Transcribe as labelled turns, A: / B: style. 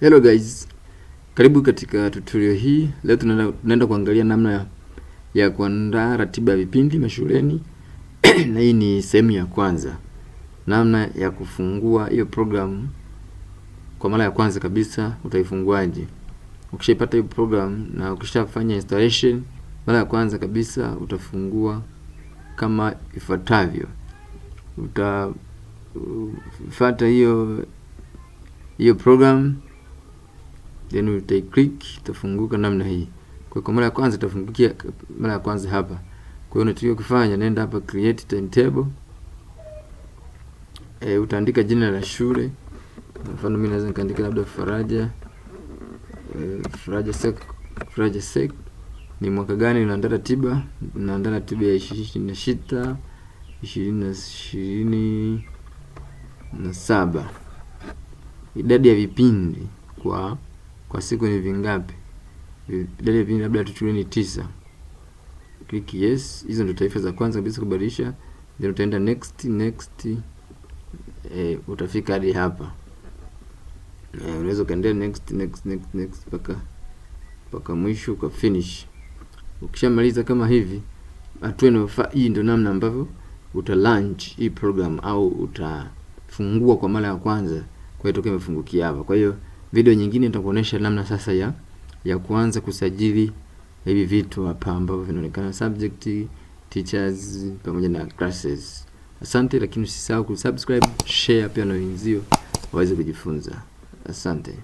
A: Hello guys. Karibu katika tutorial hii. Leo tunaenda, tunaenda kuangalia namna ya, ya kuandaa ratiba ya vipindi mashuleni na hii ni sehemu ya kwanza. Namna ya kufungua hiyo program kwa mara ya kwanza kabisa utaifunguaje? Ukishaipata hiyo program na ukishafanya installation mara ya kwanza kabisa utafungua kama ifuatavyo. Utafuata hiyo hiyo program then utai click itafunguka namna hii. Kwa hiyo mara ya kwanza itafungukia mara ya kwanza hapa. Kwa hiyo unatakiwa kufanya, nenda hapa create timetable. E, utaandika jina la shule. Kwa Mfano mimi naweza nikaandika labda Faraja e, Faraja Sek Faraja Sek ni mwaka gani unaandaa ratiba? Unaandaa ratiba ya 26 na sita ishirini na ishirini na saba idadi ya vipindi kwa kwa siku ni vingapi? Vidole vinne labda tuchukulie ni tisa. Click yes. Hizo ndio taarifa za kwanza kabisa kubadilisha, then utaenda next next, e, utafika hadi hapa. E, unaweza kaendelea next next next next paka paka mwisho kwa finish. Ukishamaliza kama hivi, hatua inayofaa hii, ndio namna ambavyo uta launch hii program au utafungua kwa mara ya kwanza. Kwa hiyo toka imefungukia hapa, kwa hiyo video nyingine nitakuonesha namna sasa ya ya kuanza kusajili hivi vitu hapa ambavyo vinaonekana subject, teachers pamoja na classes. Asante, lakini usisahau kusubscribe, share pia na wenzio waweze kujifunza. Asante.